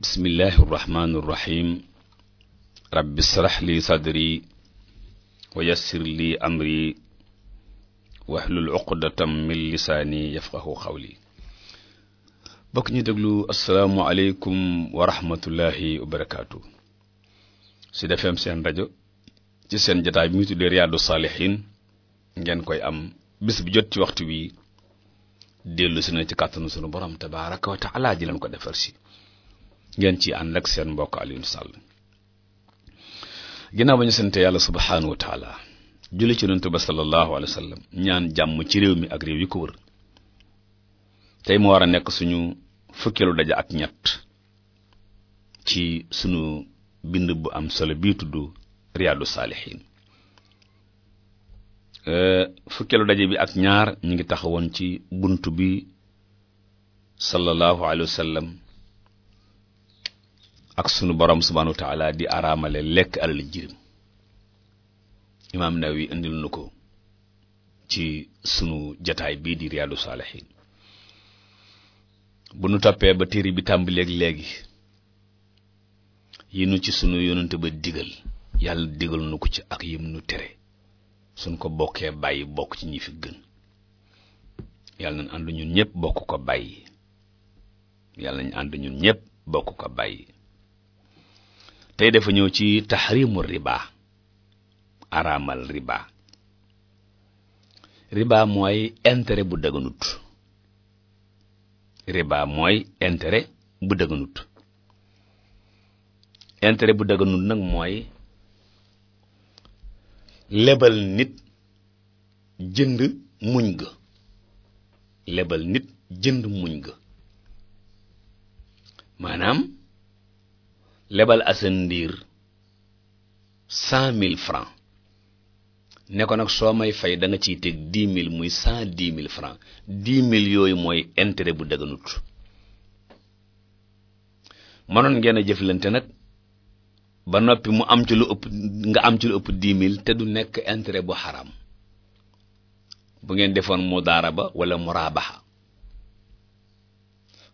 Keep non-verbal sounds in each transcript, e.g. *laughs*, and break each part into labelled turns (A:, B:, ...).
A: bismillahi irrahmani irrahim rabbi israh li sadri wa li amri wahlul uqdatam min lisaani yafqahu qawli bokk ñu déglu asalaamualeykum wa rahmatullahi wa barakaatu si defeem seen rajo ci seen jotaay bi mu tuddee Riyadou Salihine ngeen koy am bis bu jot ci waxtu wi dellu si na ci kàttanu sunu borom tabaaraka wa taala ji leen ko defar si ngeen ci ànd ak seen mbokk Alioune Sall ginnaaw ba ñu sant yàlla subhaanahu wa taala julli ci yonent ba sallallahu alayhi wa sallam ñaan jàmm ci réew mi ak réew yi ko wër tey mu war a nekk suñu fukkeelu daja ak ñett ci sunu bind bu am solo bii tudd Riyadou Salihine fukkeelu daje bi ak ñaar ñu ngi taxawoon ci bunt bi sallallahu alayhi wa ak sunu borom subhanahu wa di araamale lekk alal jirim imaam Nawawi indil nu ko ci sunu jataay bii di riyaadu saalihiin bu nu toppee ba téere bi tàmbaleeg léegi yi nu ci sunu yonent ba digal yàlla digal nu ko ci ak yim nu tere suñ ko bokkee bàyyi bokk ci ñi fi gën yàlla nañ ànd ñun ñëpp yàlla nañ ànd ñun ñëpp bokk ko bàyyi tey dafa ñëw ci taxrimu riba araamal riba riba mooy intérêt bu dëgganut riba mooy intérêt bu dëgganut intérêt bu dëgganut nag mooy lebal nit jënd muñ ga lebal nit jënd muñ ga maanaam lebal asan ndiir cent mille francs ne ko nag soo may fay danga ciy teg dix mille muy cent dix mille francs dix mille yooyu mooy intérêt bu daganut mënoon ngeen a jëflante nag ba noppi mu am ci lu ëpp nga am ci lu ëpp dix mille te du nekk intérêt bu xaram bu ngeen defoon ba wala muraabaxa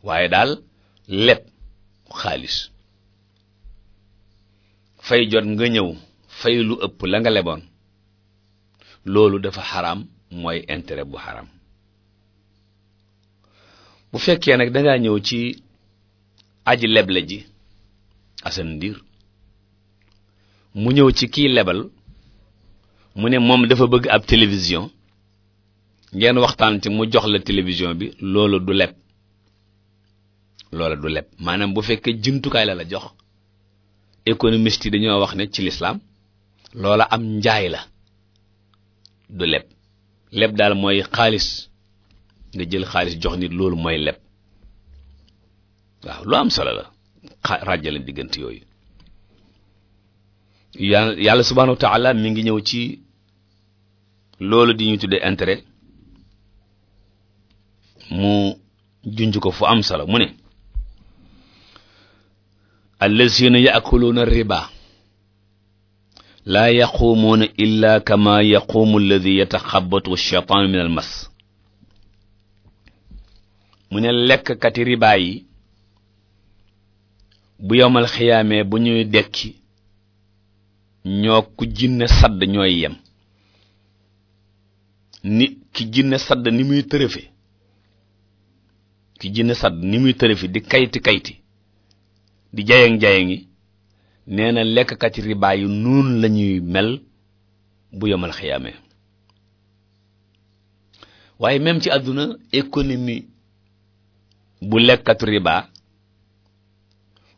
A: waaye daal leb xaalis fay jot nga ñëw fay lu ëpp la nga leboon loolu dafa xaram mooy intérêt bu xaraam bu fekkee nag dangaa ñëw ci aji leble ji asan ndiir mu ñëw ci kiy lebal mu ne moom dafa bëgg ab télévision ngeen waxtaan ci mu jox la télévision bi loolu du leb loolu du leb maanaam bu fekkee jumtukaay la la jox économiste yi dañoo wax ne ci lislaam loola am njaay la du leb leb daal mooy xaalis nga jël xaalis jox nit loolu mooy leb waaw lu am solo la ràjjale diggante yooyu yàlla subhaanahu wa taala mi ngi ñëw ci loolu di ñu tuddee intérêt mu junj ko fu am solo mu ne allazina yaakuluuna riba laa yaquumuuna illa kama yaquumu alladi yataxabatu shaytaanu min al mas mu ne lekkkati riba yi bu yowmal xiyaamee bu ñuy dekki ñoo ku jinne sadd ñooy yem ni ki jinne sadd ni muy tërëfe ki jinne sadd ni muy tërëfe di kayti kayti di jayang-jayangi nee na lekkkat yi ribaa yi noonu la mel bu yomal xiyaamee waaye même ci àdduna économie bu lekkatu ribaa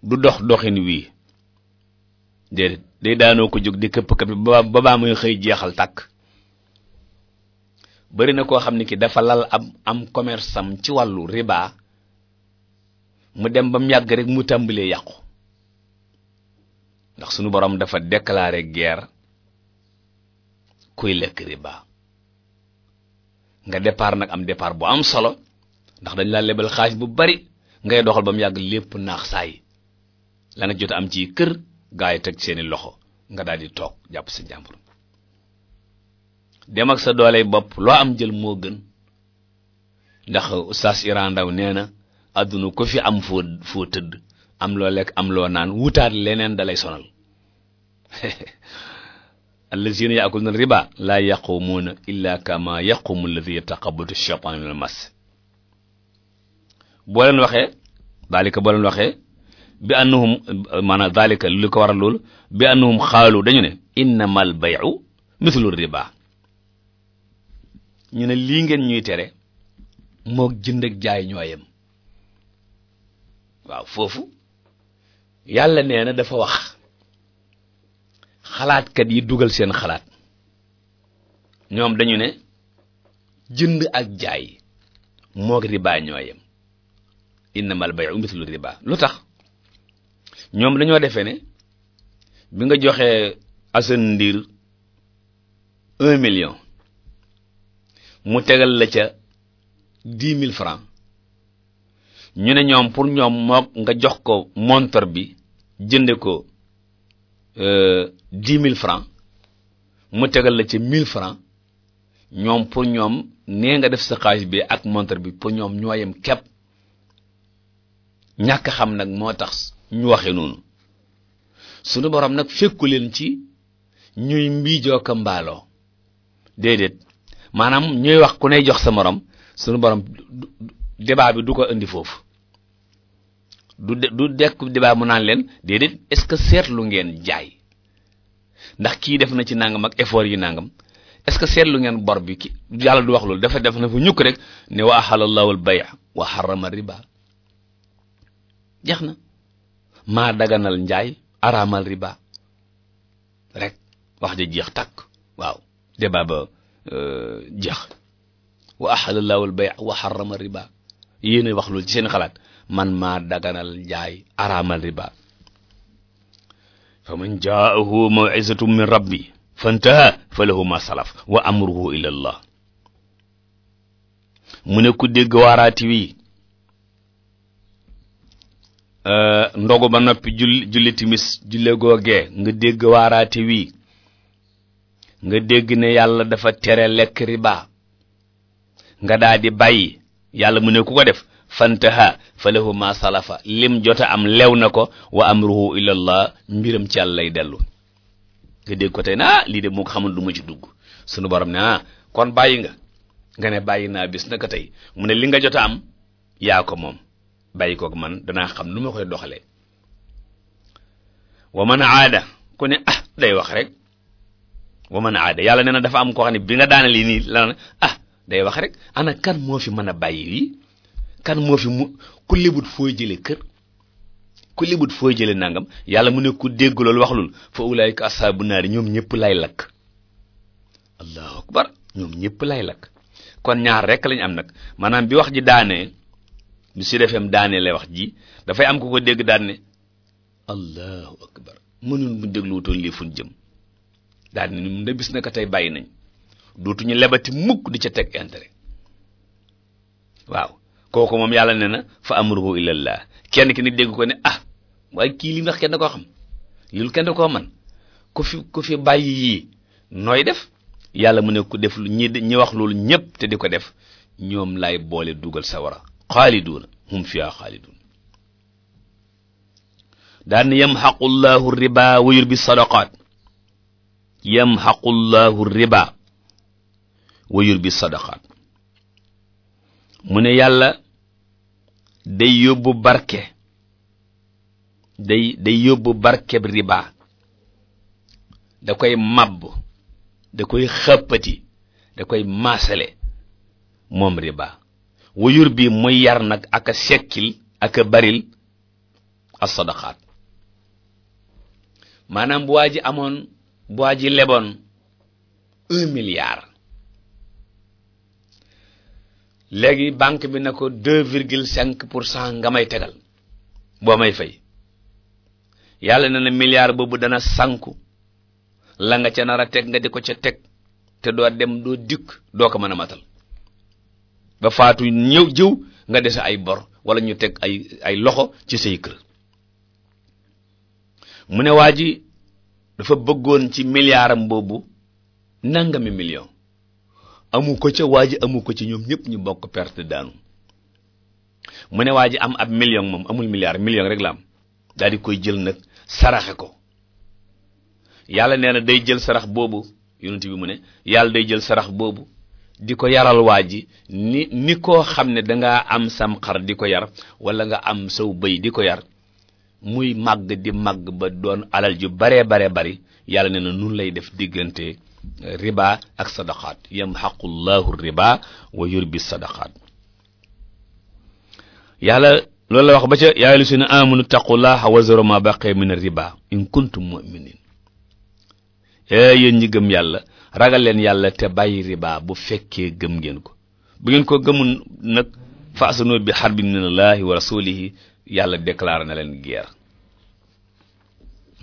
A: du dox doxin wii de day daanoo ko jóg di këpp këpp ba ba baa muy xëy jeexal tàkk bari na koo xam ne ki dafa lal am am commerce ci wàllu ribaa mu dem ba mu yàgg rek mu tàmbalee yàqu ndax sunu borom dafa déclarer guerre kuy lekk riba nga départ nag am départ bu am solo ndax dañ laa lebal xaalis bu bari ngay doxal ba mu yàgg lépp naax saa yi la nga jot am ci kër gaa yi teg seeni loxo nga daal di toog jàpp sa jàmbur dem ak sa dooley bopp loo am jël moo gën ndax oustaz Iran Ndaw nee na àdduna ko fi am foo foo tëdd am loo lekk am loo naan wutaat leneen dalay sonal *laughs* allazina yaakuluna riba laa yaqumuuna illa kama yaqumu alladi yataqabatu shaytaan min al mas boo leen waxee daalika boo waxee bi annahum maanaam daalika li ko waral loolu bi annahum xaalu dañu ne innama al bayu mithlu riba ñu ne lii ngeen ñuy tere mook jënd ak jaay ñooyem waaw foofu yàlla nee na dafa wax xalaatkat yi dugal seen xalaat ñoom dañu ne jënd ak jaay moog riba ñoo yem innamal bay'u mithlu riba lu tax ñoom dañoo defee ne bi nga joxee Assane Ndir un million mu tegal la ca dix mille francs ñu ne ñoom pour ñoom moo nga jox ko montre bi jënde ko euh, dix mille francs mu tegal la ci mille francs ñoom pour ñoom nee nga def sa xaalis bi ak montre bi pour ñoom ñoo yem képp ñàkk xam nag moo tax ñu waxe noonu sunu borom nag fekku leen ci ñuy mbiijoo ko mbaaloo déedéet maanaam ñuy wax ku ney jox sa morom sunu borom débat bi du ko indi foofu du de du dekk débat mu naan leen déedéet est-ce que seetlu ngeen jaay ndax kii def na ci nangam ak effort yi nangam est-ce que seetlu ngeen bor bi ki yàlla du wax lool dafa def na fu ñukk rek ne wa a Allahu al-bay' wa harrama riba jeex na maa daganal njaay araamal riba rek wax ja jeex takk waaw débat ba euh, jeex wa ahalla Allahu al-bay' wa harrama riba yéen a wax loolu ci seen xalaat man ma daganal njaay araamal riba fa man jaahu maw'izatun min ma salaf wa amruhu ila allah mu ne ku dégg waaraati wi euh, ndogu ba noppi julli julli timis julle googee nga dégg waaraati wi nga dégg ne yàlla dafa tere lekk riba nga daldi bàyyi yàlla mu ne ku ko def fantaha fa lahu ma salafa lim jota am lew na ko wa amruhu ilallah mbiram ci lay dellu nga dégg ko tey na ah, lii de moo ko xamul du ma ci dugg sunu borom ne ah kon bàyyi nga nga ne bàyyi naa bis naka tey mu ne li nga jota am yaako ko moom bàyyi koog man danaa xam nu ma koy doxalee wa man aada ku ne ah, wax rek wa man aada yàlla nee na dafa am koo xam ne bi nga daana lii nii la ah day wax rek ana kan moo fi mën a bàyyi kan moo fi mu ku lebut fooy jële kër ku lebut fooy jële nangam yàlla mu ne ku dégg loolu wax loolu fa ulaayika asaabu naari ñoom ñëpp lay lakk allahu akbar ñoom ñëpp lay lakk kon ñaar rek lañ am nag maanaam bi wax ji daanee bi Sud FM daanee lay wax ji dafay am ku ko dégg daan ne allahu akbar mënun bu dégluwutoon lii fun jëm daan ne mun da bis naka tey bàyyi nañ dootuñu lebati mukk di ca teg intere waaw kooku moom yàlla ne na fa amruhu ilallah kenn ki ni dégg ko ne ah waaye kii li mu wax kenn da koo xam lil kenn koo man ku fi ku fi bàyyi nooy def yàlla mu ne ku def lu ñi ñi wax loolu ñépp te di ko def ñoom lay boole dugal sawara xaaliduuna hum fiha xaaliduun daan yamxaqu llahu riba wa yurbi sadaqaat yamxaqu llahu wa yurbi sadaqaat mu ne yàlla day yóbbu barke day day yóbbu barkeb riba da koy màbb da koy xëppati da koy maasale moom riba wuyur bi muy yar nag ak a sekkil ak a baril as sadaqaat maanaam bu waa ji amoon bu waa ji leboon un milliard léegi banque bi na ko deux virgule cinq pour cent nga may tegal boo may fay yàlla na na milliard boobu dana sanku la nga ca nar a teg nga di ko ca teg te doo dem doo dikk doo ko mën a matal ba faatu ñëw jiw nga dese ay bor wala ñu teg ay ay loxo ci say kër mu ne waa ji dafa bëggoon ci milliardam boobu nangami million amu ko ca waa ji amu ko ci ñoom ñëpp ñu bokk perte daanu mu ne waa ji am ab million moom amul milliard million rek la am daal di koy jël nag saraxe ko yàlla nee na day jël sarax boobu yonent bi ne yàlla day jël sarax boobu di ko yaral waa ji ni ni koo xam ne danga am sam xar di ko yar wala nga am saw bëy di ko yar muy màgg di màgg ba doon alal ju baree bare bari yàlla nee na nun lay def diggante riba ak sadaqaat yamxaqu llahu riba wa yurbi sadaqaat yàlla loolu la wax ba ca yaa ayyuhallazina amanu taqullaha wa zaru ma baqiya min riba in kuntum mu'minin ee yéen ñi gëm yàlla ragal leen yàlla te bàyyi riba bu fekkee gëm ngeen ko bu ngeen ko gëmul nag fasanu bi harbin minallahi wa rasulihi yàlla déclaré na leen guerre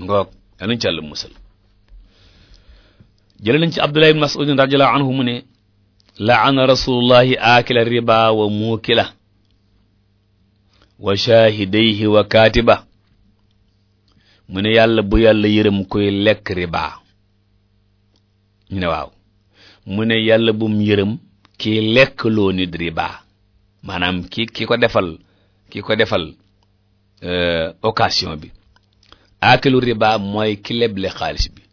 A: ngoog anañ ci àll musal jële nañ ci Abdullah ibn Mas'ud radiyallahu anhu mu ne laana rasulullahi aakila riba wa muukila wa shaahidayhi wa kaatiba mu ne yàlla bu yàlla yërëm koy lekk ribaa ñu ne mu ne yàlla bum yërëm kii lekk loo nit ribaa maanaam ki ki ko defal ki ko defal euh, occasion bi aakilu riba mooy ki leble xaalis bi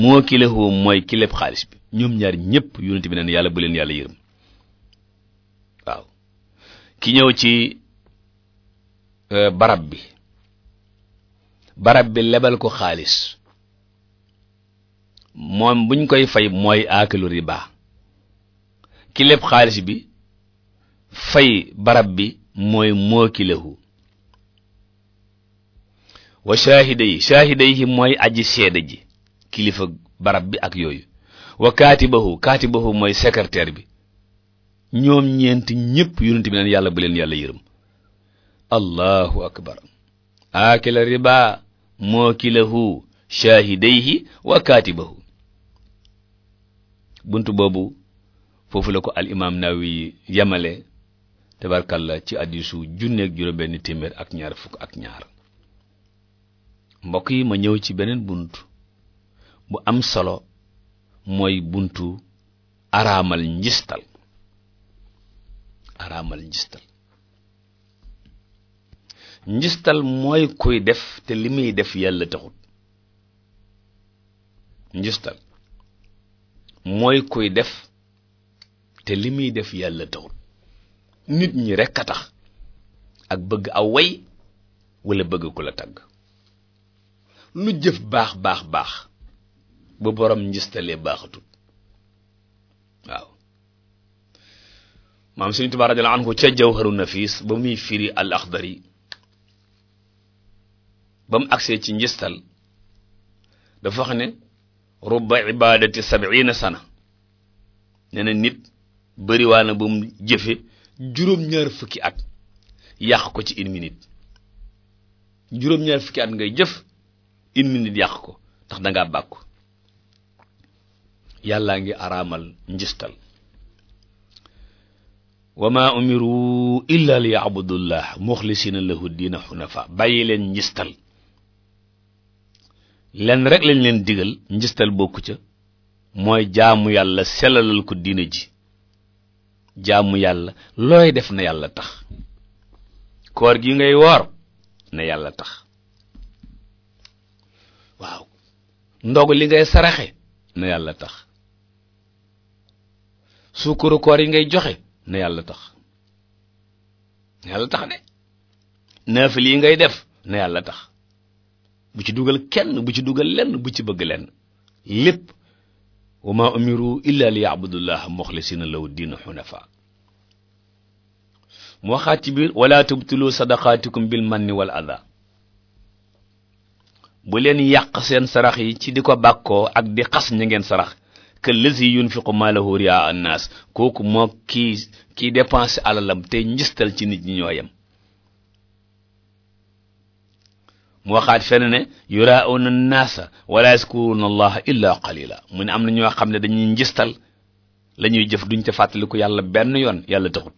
A: moo kilahu mooy kileb xaalis bi ñoom ñaar ñëpp yonent bi neen yàlla bu leen yàlla yërëm waaw ki ñëw ci e, barab bi barab bi lebal ko xaalis moom buñ koy fay mooy aakalu riba kileb xaalis bi fay barab bi mooy moo kilahu wa shaahida yi shaahida yi mooy aji seede ji kilifa barab bi ak yooyu wa kaatibahu kaatibahu mooy secrétaire bi ñoom ñeent ñëpp yonent bi neen yàlla bu leen yàlla yërëm allahu akbar aakila riba mookilahu shaahidayhi wa kaatibahu buntu boobu foofu la ko al imaam Nawawi yamale tabarkalla ci hadiisu junneeg juróom-benn téeméer ak ñaar fukk ak ñaar mbokk yi ma ñëw ci beneen bunt bu am solo mooy buntu araamal njistal araamal njistal njistal mooy kuy def te li muy def yàlla taxut njistal mooy kuy def te li muy def yàlla taxut nit ñi rekk a tax ak bëgg aw way wala bëgg ku la tagg lu jëf baax baax baax ba borom njistale baaxatul waaw maam Sëriñ Tuubaa radiyallaahu anhu ca Jawharu Nafiis ba muy firi al Axdari ba mu agsee ci njistal dafa wax ne rubba ibadati sab'ina sana nee nit bariwaana ba mu jëfe juróom-ñaar fukki at yàq ko ci une minute juróom-ñaar fukki at ngay jëf une minute yàq ko ndax dangaa bàkku yàllaa ngi araamal njistal wa ma umiru illa li ya'budullah mukhlisina lahu diina hunafa bàyyi leen njistal lenn rek lañ leen digal njistal bokku ca mooy jaamu yàlla selalal ko diina ji jaamu yàlla looy def na yàlla tax koor gi ngay woor na yàlla tax waaw ndog li ngay saraxe na yàlla tax suukaru yi ngay joxe na yàlla tax na tax de naafil yi ngay def na yàlla tax bu ci dugal kenn bu ci dugal lenn bu ci bëgg lenn lépp wa ma umiru illa li ya'budullaha mukhlisina lahu diina hunafa mu waxaat ci biir wala tubtilu sadaqaatikum bil manni wal adha bu leen yàq seen sarax yi ci di ko bàkkoo ak di xas ña ngeen sarax këllazi yunfiqu maalahu riyaa annaas kooku moo kii kii dépense alalam te njistal ci nit ñi ñooyam mu waxaat fenn ne yuraa'una naasa wala yazkuruna allaha illa qalila mu ne am na ñoo xam ne dañuy njistal lañuy jëf duñ ca fàttaliku yàlla benn yoon yàlla taxut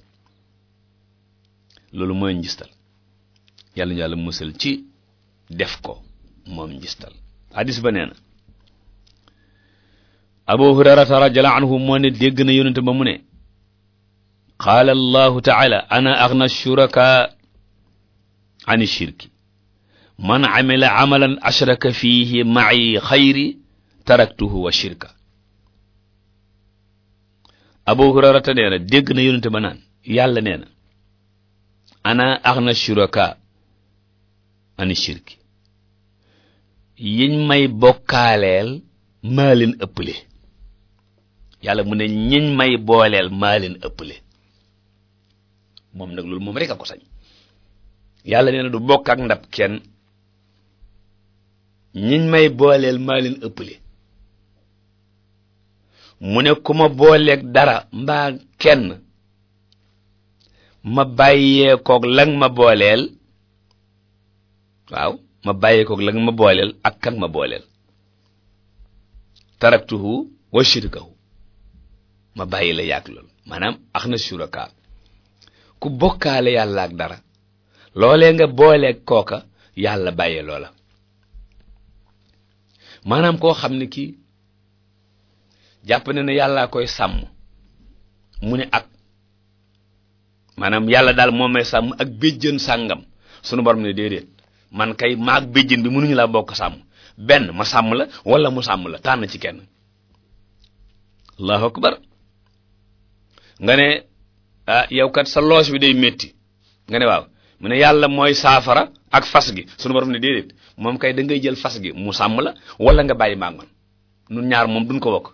A: loolu mooy njistal yàlla ñu musal ci def ko moom njistal hadis ba nee abu hurairata radiallahu anhu moo ne dégg na yonente ba mu ne qaala allahu taala ana aghna shuraka an shirki man amila amalan ashraka fihi ma'i xayri taraktuhu wa shirka abu hurairata nee na dégg na yonente ba naan yàlla nee na ana aghna shuraka an shirki yiñ may bokkaaleel maa leen ëpple yàlla mu ne ñiñ may booleel maa leen ëpple moom nag loolu moom rek a ko sañ yàlla nee na du bokk ak ndab kenn ñiñ may booleel maa leen ëpple mu ne ku ma booleek dara mbaa kenn ma bàyyee koog lang ma booleel waaw ma bàyyee koog lang ma booleel ak kan ma booleel taraktuhu wa shirkahu ma bàyyi la yàgg loolu maanaam ax na suraka ku bokkaale yàlla ak dara loolee nga booleeg kooka yàlla bàyyi loola maanaam koo xam ne kii jàpp na ne yàllaa koy sàmm mu ne ak maanaam yàlla daal moo sàmm ak béjjën sàngam sunu borom ne déedéet man kay maag béjjën bi mënuñu laa bokk sàmm benn ma sàmm la wala mu sàmm la tànn ci kenn allahu akbar nga ne ah yow kat sa loos bi day metti nga ne waaw mu ne yàlla mooy saafara ak fas gi sunu borom ne déedéet moom kay da ngay jël fas gi mu sàmm la wala nga bàyyi màngoon nun ñaar moom duñ ko bokk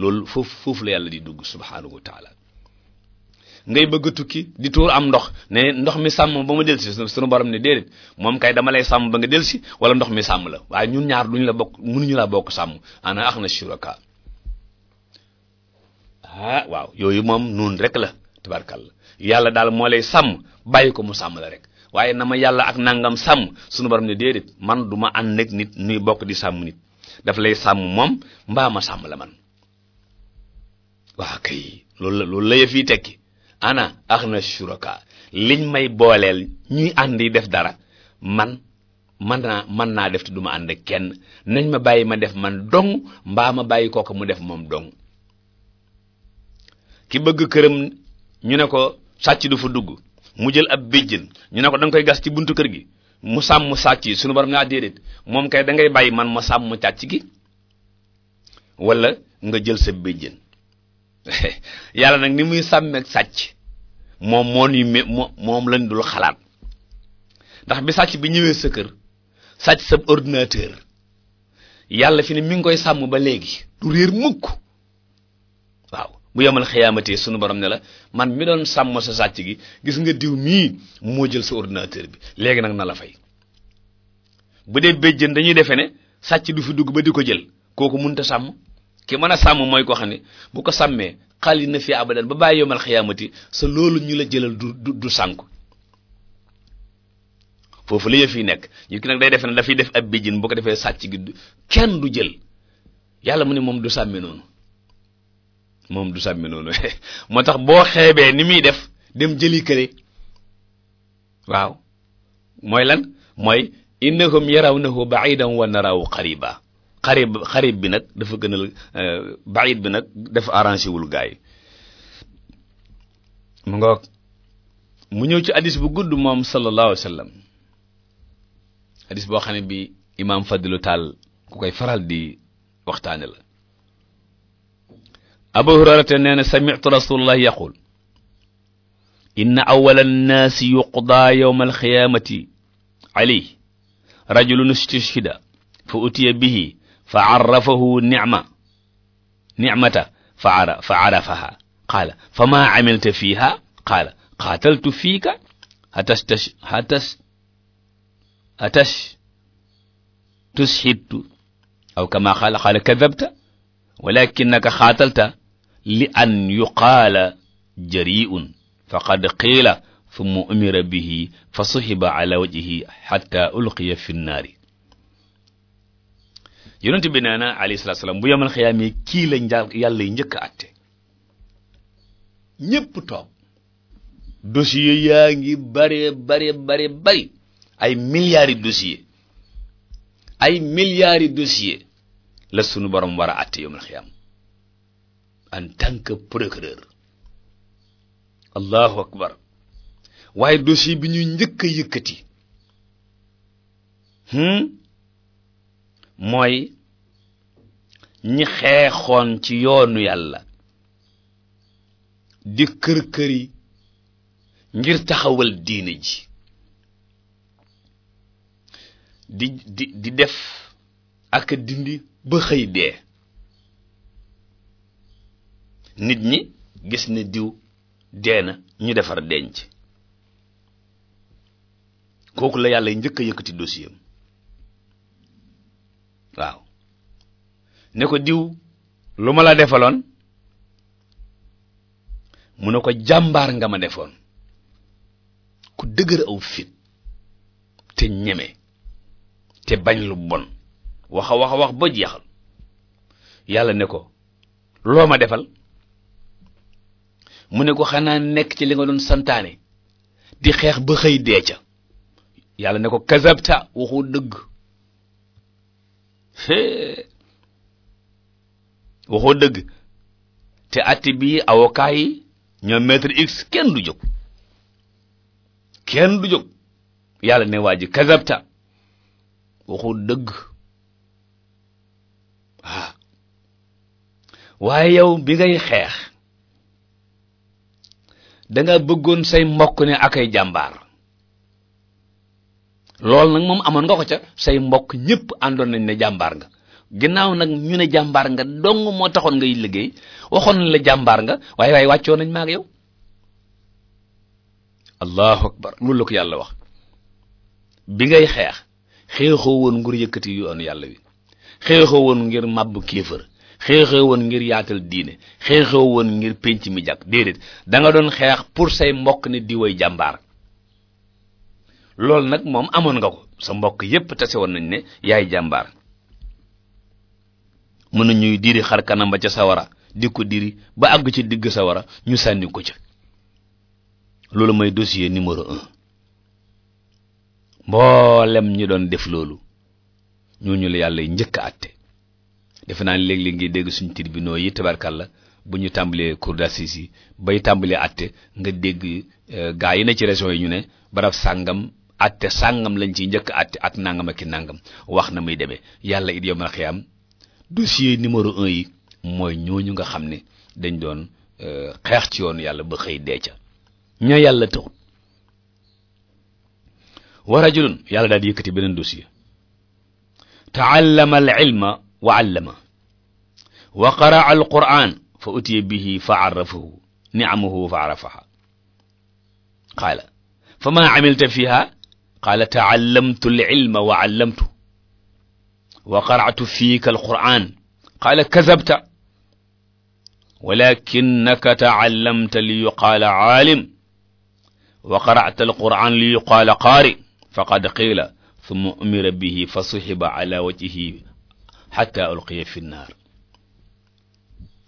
A: loolu foofu foofu la yàlla di dugg subhaanahu wa taala bëgg a tukki di tuur am ndox ne ndox mi sàmm ba ma delsi sunu borom ne déedéet moom kay dama lay sàmm ba nga delsi wala ndox mi sàmm la waaye ñun ñaar duñ la bokk mënuñu laa bokk sàmm ana ax na shuraka ah waaw yooyu moom noonu rek la la yàlla daal moo lay sàmm bàyyi ko mu sàmm la rek waaye na ma yàlla ak nangam sàmm suñu borom ne déedéet man du ma ànd ak nit nuy bokk di sàmm nit daf lay sàmm moom mbaa ma sàmm la man waa kay la loolu la yëf yi tekki ana ax na suraka booleel ñuy ànd def dara man man naa mën naa def te du ma ànd kenn nañ ma bàyyi ma def man dong mbaa ma bàyyi kooku mu def moom dong ki bëgg këram ñu ne ko sàcc du fa dugg mu jël ab béjjën ñu ne ko danga koy gas ci buntu kër gi mu sàmm sàcc yi suñu borom naa ah, déedéet moom kay da ngay bàyyi man ma sàmm càcc gi wala nga jël sa béjjën *laughs* yàlla nag ni muy sàmmeeg sàcc moom moom lañ dul xalaat ndax bi sàcc bi ñëwee sa kër sàcc sa ordinateur yàlla fi ne mi ngi koy sàmm ba léegi du réer mukk bu yemal xiyaamatee suñu borom ne la man mi doon sàmm sa sàcc gi gis nga diw mii moo jël sa ordinateur bi léegi nag na la fay bu dee béjjën dañuy defe ne sàcc du fi dugg ba di ko jël kooku mënut sàmm ki mën a sàmm mooy koo xam ne bu ko sàmmee xali na fi abadan ba bàyyi yemal xiyaamatee sa loolu ñu la jëlal du sànku foofu la yëf yi nekk ñu ki nag day defe ne dafay def ab béjjën bu ko defee sàcc gi kenn du jël yàlla mu ne moom du sàmmee noonu. moom du sàmmi noonu *laughs* moo tax boo xeebee ni muy def dem jëli kële waaw mooy lan mooy in innahum yarawnahu ba'idan wa narahu qariba xarib xarib bi nag dafa gënal euh, ba'id bi nag dafa arrangé wul gaay mu ngoog mu ñëw ci hadis bu gudd moom sallallahu alayhi wa sallam hadis boo xam ne bi imaam Fadilu Taal ku koy faral di waxtaane la abu hurayrata nee na sami'tu rasulullah yaqul inna awwala annaasi yuqdaa yawma alqiyaamati ali rajulun istishhida fa utiya bihi fa carrafahu nicma nicmata fa fa carafaha qaala fa maa camilta fiiha qaala qaataltu fiika hatastash hatash hatash tushhidtu aw kama qaala qaala kadabta walakinaka qaatalta li an yuqaala jari'un faqad qiila thumma umira bihi fa suhiba ala wajhihi hatta ulqiya fi nnaari yonent bi nee na alayhi salaatu salaam bu yemal xiyaamee kii la nja yàlla yi njëkk a atte ñépp toog dossier yaa ngi bare bare bare bari ay milliards yi dossier ay milliards yi dossier la sunu borom war a atte yemal xiyaam en allahu akbar waaye dossier bi ñuy njëkk a yëkkati hmm, mooy ñi xeexoon ci yoonu yàlla di kër-këri ngir taxawal diine ji di di di def ak dindi ba xëy dee nit ñi gis ne diw dee na ñu defar denc kooku la yàlla njëkk a yëkkati dossier waaw ne ko diw lu ma la defaloon mu ne ko jàmbaar nga ma defoon ku dëgër aw fit te ñeme te bañ lu bon waxa waxa wax ba jeexal yàlla ne ko loo ma defal mu ne ko xanaa nekk ci li nga doon santaane di xeex ba xëy dee ca yàlla ne ko kazabta waxoo dëgg waxoo dëgg te atti bi avocat yi ñoom maître x kenn du jog kenn du jog yàlla ne waa ji kazabta dëgg waaw waaye yow bi ngay xeex danga bëggoon say mbokk ne akay jàmbaar loolu nag moom amoon nga ko ca say mbokk ñépp àndoon nañ ne jàmbaar nga ginnaaw nag ñu ne jàmbaar nga dong moo taxoon ngay liggéey waxoon nañ la jàmbaar nga waaye waaye wàccoo nañ maag yow allahu akbar loolu la ko yàlla wax bi ngay xeex xeexoo woon ngir yëkkati yoon yàlla wi xeexoo woon ngir màbb kéefër xeexoo woon ngir yaatal diine xeexoo woon ngir penc mi jàkk déedéet danga doon xeex pour say mbokk ne di jàmbaar loolu nag moom amoon nga ko sa mbokk yépp tase woon nañ ne yaay jàmbaar mën na ñuy diri xar kanam ba ca sawara di ko diri ba àgg ci digg sawara ñu sànni ko ca loolu mooy dossier numéro un mboolem ñi doon def loolu ñooñu la yàlla njëkk a àtte defe naa ne léeg-léeg ngay dégg suñ tribunaux yi la bu ñu tàmbalee cour d'assises yi bay tàmbalee àtte nga dégg euh, gaa yi na ci région yi ñu ne barab sàngam àtte sàngam lañ ci njëkk àtte at nangam ak ki nangam wax na muy demee yàlla it yomal xiyaam dossier numéro un yi mooy ñooñu nga xam ne dañ doon euh, xeex ci yoon yàlla ba xëy dee ca ña yàlla taxut wa rajulun yàlla daal di yëkkati beneen dossier taallama ilma wa allama wa qaraa alqur'an fa utiya bihi fa arrafahu ni'amahu fa arafaha qaala fa maa amilta fiha qaala taallamtu alilma wa allamtu wa qara'tu fiika alqur'an qaala kazabta walakinnaka taallamta li yuqaala aalim wa qara'ta alqur'an li yuqaala qaari faqad qiila summa umira bihi fa suhiba ala wajhihi xatta ulqiya fi naar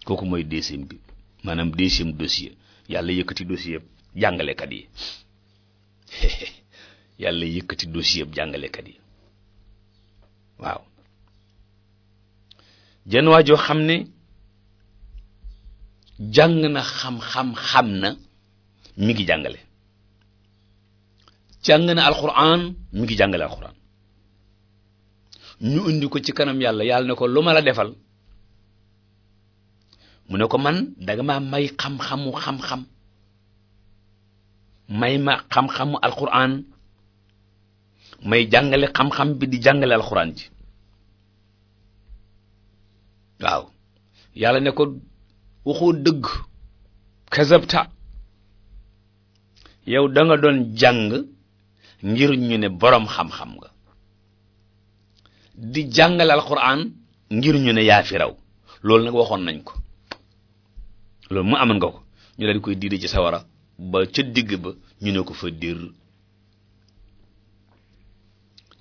A: kooku mooy décim bi maanaam décim dossier yàlla yëkkati dossier jàngalekat yi *laughs* yàlla yëkkati dossier jàngalekat yi waaw jenn waa joo xam ne jàng na xam-xam xam na mi ngi jàngale jàng na alxuraan mu ngi jàngale alxuraan ñu indi ko ci kanam yàlla yàlla ne ko lu ma la defal mu ne ko man danga ma may xam-xamu xam-xam may ma xam-xamu alquran may jàngale xam-xam bi di jàngale alquran ji waaw yàlla ne ko waxoo dëgg kazabta yow danga doon jàng ngir ñu ne boroom xam-xam nga di jàngale alquran ngir ñu ne yaa fi raw loolu nag waxoon nañ ko loolu mu amoon ko ñu daal di koy diide ci sawara ba ca digg ba ñu ne ko fa dir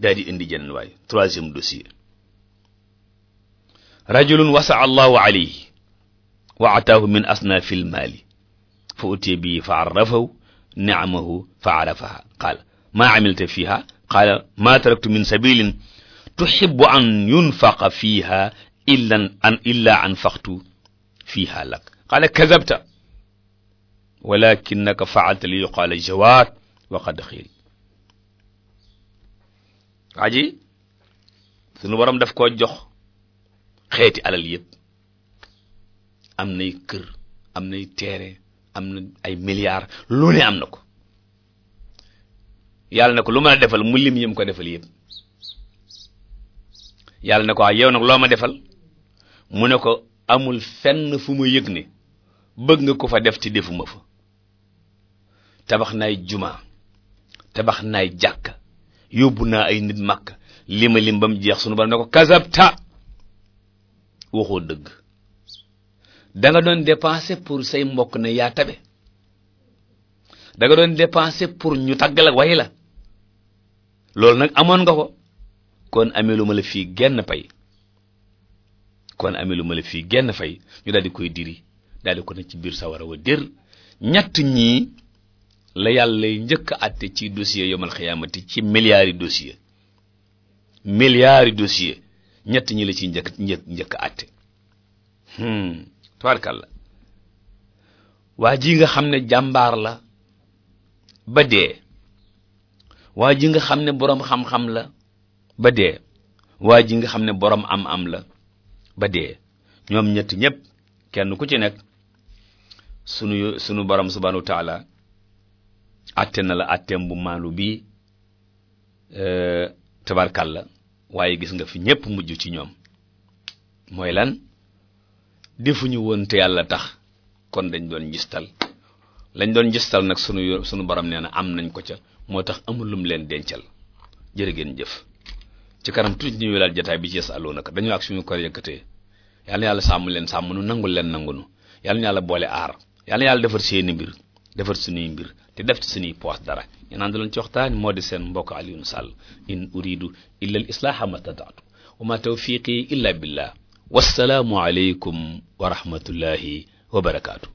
A: daal di indi jeneen waay troisième dossier rajulun wasaa allahu alayhi wa ataahu min asnaafi lmaali fa utiya fa arrafahu ni'amahu fa arafaha qaala maa amilta fiiha qaala maa taraktu min sabilin tuhibbu an yunfaqa fiha illan an illa anfaqtu fiha lak qala kadabta walakinaka faalta li yuqaala jawaat wa qad xiiri waa ji sunu borom daf koo jox xeeti alal yëpp am nay kër am nay teere am na ay milliards lu ne am na ko yàlla na ko lu mën a defal mu lim yëm ko defal yëpp yàlla na ko ah, yow nag loo ma defal mu ne ko amul fenn fu ma yëg ne bëgg nga ko fa def ci defuma fa tabax naay juma tabax naay jàkk yóbbu naa ay nit màkk lima lim ba mu jeex sunu ba ne ko kasabta waxoo dëgg danga doon dépenser pour say mbokk ne yaa tabe da nga doon dépenser pour ñu tàggal ak way la loolu nag amoon nga ko kon amee lu ma la fii genn pay kon amee lu ma la fii genn fay ñu daal di koy diri daal ko ne ci biir sawara wa dér ñett ñii la yàlla njëkk a ci dossier yomal xiyaamati ci milliards yi ñett ñi la ciy njëkk njëkk njëkk a àtte hmm, waa ji nga xam ne jàmbaar la ba dee waa ji nga xam ne boroom xam-xam la ba dee waa ji nga xam ne boroom am-am la ba dee ñoom ñett ñépp kenn ku ci nekk sunu sunu boroom subhaanahu wa taala àtte na la àtteem bu maandu bii euh, tabarkal la waaye gis nga fi ñépp mujj ci ñoom mooy lan defuñu woon te yàlla tax kon dañ doon jistal lañ doon gistal nag sunu sunu boroom nee na am nañ ko ca moo tax amul lum leen dencal jërë ngeen jëf ci kanam tu ñu welaat jotaay bi ci yes aloo nag dañu ak suñu ko yëkkatee yal na yàlla sàmm leen sàmm nu nangul leen nangunu yal na yàlla boole aar yal na yàlla defar seeni mbir defar suñuy mbir te def ci suñuy poos dara ñu naan doon ci waxtaan moo di seen mbokk Alioune sal in uridu illa al islaaha ma tadaatu wa ma tawfiqi illa billah wassalaamu aleykum wa rahmatullahi wa barakaatu